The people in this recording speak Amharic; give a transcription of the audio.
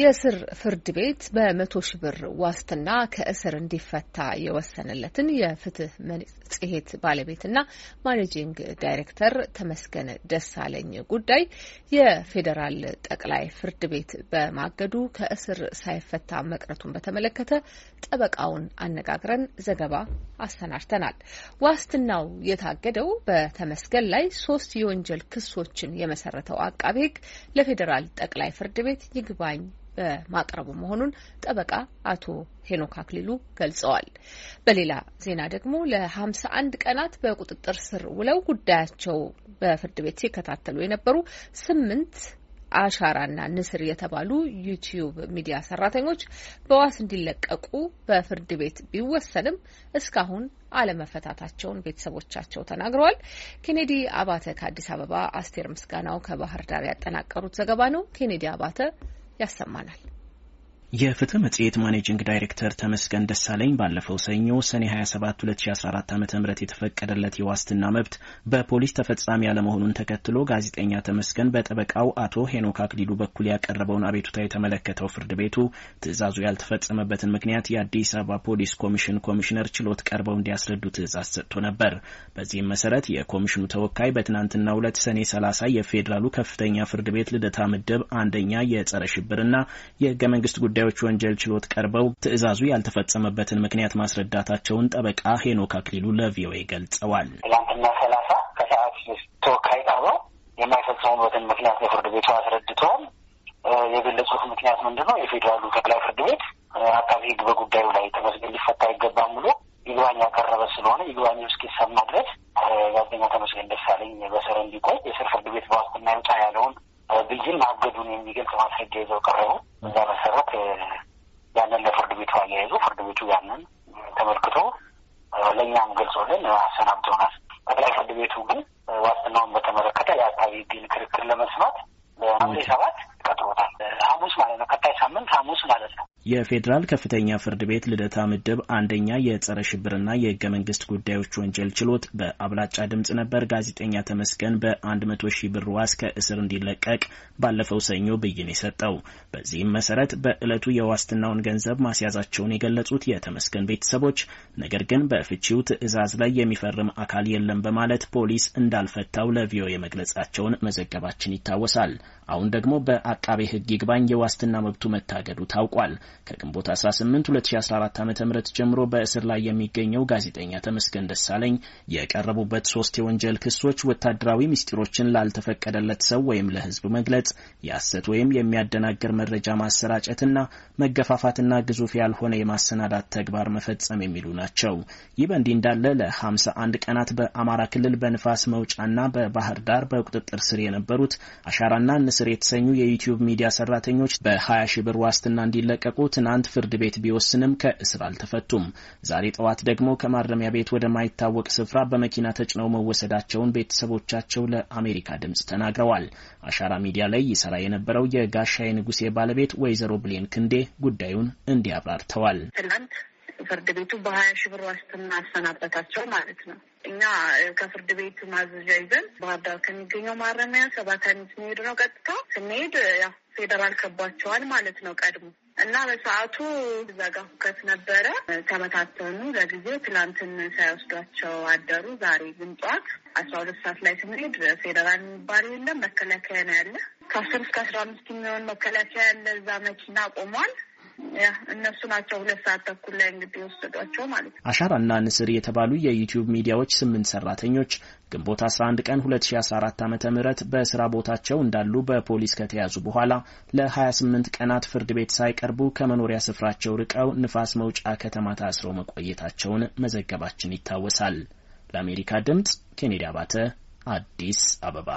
የስር ፍርድ ቤት በመቶ ሺህ ብር ዋስትና ከእስር እንዲፈታ የወሰነለትን የፍትህ መጽሔት ባለቤትና ማኔጂንግ ዳይሬክተር ተመስገን ደሳለኝ ጉዳይ የፌዴራል ጠቅላይ ፍርድ ቤት በማገዱ ከእስር ሳይፈታ መቅረቱን በተመለከተ ጠበቃውን አነጋግረን ዘገባ አሰናድተናል። ዋስትናው የታገደው በተመስገን ላይ ሶስት የወንጀል ክሶችን የመሰረተው አቃቤ ሕግ ለፌዴራል ጠቅላይ ፍርድ ቤት ይግባኝ በማቅረቡ መሆኑን ጠበቃ አቶ ሄኖክ አክሊሉ ገልጸዋል። በሌላ ዜና ደግሞ ለ51 ቀናት በቁጥጥር ስር ውለው ጉዳያቸው በፍርድ ቤት ሲከታተሉ የነበሩ ስምንት አሻራና ንስር የተባሉ ዩቲዩብ ሚዲያ ሰራተኞች በዋስ እንዲለቀቁ በፍርድ ቤት ቢወሰንም እስካሁን አለመፈታታቸውን ቤተሰቦቻቸው ተናግረዋል። ኬኔዲ አባተ ከአዲስ አበባ፣ አስቴር ምስጋናው ከባህር ዳር ያጠናቀሩት ዘገባ ነው። ኬኔዲ አባተ ያሰማናል። የፍትህ መጽሔት ማኔጂንግ ዳይሬክተር ተመስገን ደሳለኝ ባለፈው ሰኞ ሰኔ 27 2014 ዓ ም የተፈቀደለት የዋስትና መብት በፖሊስ ተፈጻሚ ያለመሆኑን ተከትሎ ጋዜጠኛ ተመስገን በጠበቃው አቶ ሄኖክ አክሊሉ በኩል ያቀረበውን አቤቱታ የተመለከተው ፍርድ ቤቱ ትዕዛዙ ያልተፈጸመበትን ምክንያት የአዲስ አበባ ፖሊስ ኮሚሽን ኮሚሽነር ችሎት ቀርበው እንዲያስረዱ ትዕዛዝ ሰጥቶ ነበር። በዚህም መሰረት የኮሚሽኑ ተወካይ በትናንትና ሁለት ሰኔ 30 የፌዴራሉ ከፍተኛ ፍርድ ቤት ልደታ ምድብ አንደኛ የጸረ ሽብርና የህገ መንግስት ጉዳይ ጉዳዮች ወንጀል ችሎት ቀርበው ትዕዛዙ ያልተፈጸመበትን ምክንያት ማስረዳታቸውን ጠበቃ ሄኖክ አክሊሉ ለቪኦኤ ገልጸዋል። ትላንትና ሰላሳ ከሰዓት ተወካይ ቀርበው የማይፈጸሙበትን ምክንያት ለፍርድ ቤቱ አስረድተዋል። የገለጹት ምክንያት ምንድን ነው? የፌዴራሉ ጠቅላይ ፍርድ ቤት አቃቢ ሕግ በጉዳዩ ላይ ተመስገን ሊፈታ አይገባም ብሎ ይግባኝ ያቀረበ ስለሆነ ይግባኝ እስኪሰማ ድረስ ጋዜጠኛ ተመስገን ደሳለኝ በእስር እንዲቆይ የስር ፍርድ ቤት በዋስትና ይውጣ ያለውን ብይን ማገዱን የሚገልጽ ማስረጃ ይዘው ቀረቡ። በዛ መሰረት ያንን ለፍርድ ቤቱ አያይዞ ፍርድ ቤቱ ያንን ተመልክቶ ለእኛም ገልጾልን አሰናብቶናል ጠቅላይ ፍርድ ቤቱ ግን ዋስትናውን በተመለከተ የአቃቢ ሕግን ክርክር ለመስማት በሐምሌ ሰባት ቀጥሮታል። ሐሙስ ማለት ነው። ቀጣይ ሳምንት ሐሙስ ማለት ነው። የፌዴራል ከፍተኛ ፍርድ ቤት ልደታ ምድብ አንደኛ የጸረ ሽብርና የህገ መንግስት ጉዳዮች ወንጀል ችሎት በአብላጫ ድምፅ ነበር ጋዜጠኛ ተመስገን በ100 ሺህ ብር ዋስ ከእስር እንዲለቀቅ ባለፈው ሰኞ ብይን የሰጠው። በዚህም መሰረት በዕለቱ የዋስትናውን ገንዘብ ማስያዛቸውን የገለጹት የተመስገን ቤተሰቦች ነገር ግን በፍቺው ትዕዛዝ ላይ የሚፈርም አካል የለም በማለት ፖሊስ እንዳልፈታው ለቪኦኤ መግለጻቸውን መዘገባችን ይታወሳል። አሁን ደግሞ በአቃቤ ህግ ይግባኝ የዋስትና መብቱ መታገዱ ታውቋል። ከግንቦት 18 2014 ዓ ም ጀምሮ በእስር ላይ የሚገኘው ጋዜጠኛ ተመስገን ደሳለኝ የቀረቡበት ሶስት የወንጀል ክሶች ወታደራዊ ምስጢሮችን ላልተፈቀደለት ሰው ወይም ለህዝብ መግለጽ፣ የሐሰት ወይም የሚያደናግር መረጃ ማሰራጨትና መገፋፋትና ግዙፍ ያልሆነ የማሰናዳት ተግባር መፈጸም የሚሉ ናቸው። ይህ በእንዲህ እንዳለ ለ51 ቀናት በአማራ ክልል በንፋስ መውጫና በባህር ዳር በቁጥጥር ስር የነበሩት አሻራና ንስር የተሰኙ የዩቲዩብ ሚዲያ ሰራተኞች በ20 ሺ ብር ዋስትና እንዲለቀቁ ትናንት ፍርድ ቤት ቢወስንም ከእስር አልተፈቱም። ዛሬ ጠዋት ደግሞ ከማረሚያ ቤት ወደማይታወቅ ስፍራ በመኪና ተጭነው መወሰዳቸውን ቤተሰቦቻቸው ለአሜሪካ ድምፅ ተናግረዋል። አሻራ ሚዲያ ላይ ይሰራ የነበረው የጋሻዬ ንጉሴ ባለቤት ወይዘሮ ብሌን ክንዴ ጉዳዩን እንዲህ አብራርተዋል። ትናንት ፍርድ ቤቱ በሀያ ሺህ ብር ዋስትና አሰናበታቸው ማለት ነው። እኛ ከፍርድ ቤቱ ማዘዣ ይዘን ባህር ዳር ከሚገኘው ማረሚያ አይነት ሚሄድ ነው ቀጥታ ስንሄድ ያው ፌደራል ከቧቸዋል ማለት ነው ቀድሞ እና በሰዓቱ እዛ ጋር ሁከት ነበረ። ተመታተኑ። ለጊዜ ትላንትን ሳይወስዷቸው አደሩ። ዛሬ ግን ጠዋት አስራ ሁለት ሰዓት ላይ ስንሄድ ፌደራል የሚባል የለም መከላከያ ነው ያለ። ከአስር እስከ አስራ አምስት የሚሆን መከላከያ ያለ እዛ መኪና ቆሟል። እነሱ ናቸው ሁለት ሰዓት ተኩል ላይ እንግዲህ ወሰዷቸው ማለት ነው። አሻራና ንስር የተባሉ የዩቲዩብ ሚዲያዎች ስምንት ሰራተኞች ግንቦት 11 ቀን 2014 ዓ ም በስራ ቦታቸው እንዳሉ በፖሊስ ከተያዙ በኋላ ለ28 ቀናት ፍርድ ቤት ሳይቀርቡ ከመኖሪያ ስፍራቸው ርቀው ንፋስ መውጫ ከተማ ታስረው መቆየታቸውን መዘገባችን ይታወሳል። ለአሜሪካ ድምጽ ኬኔዲ አባተ አዲስ አበባ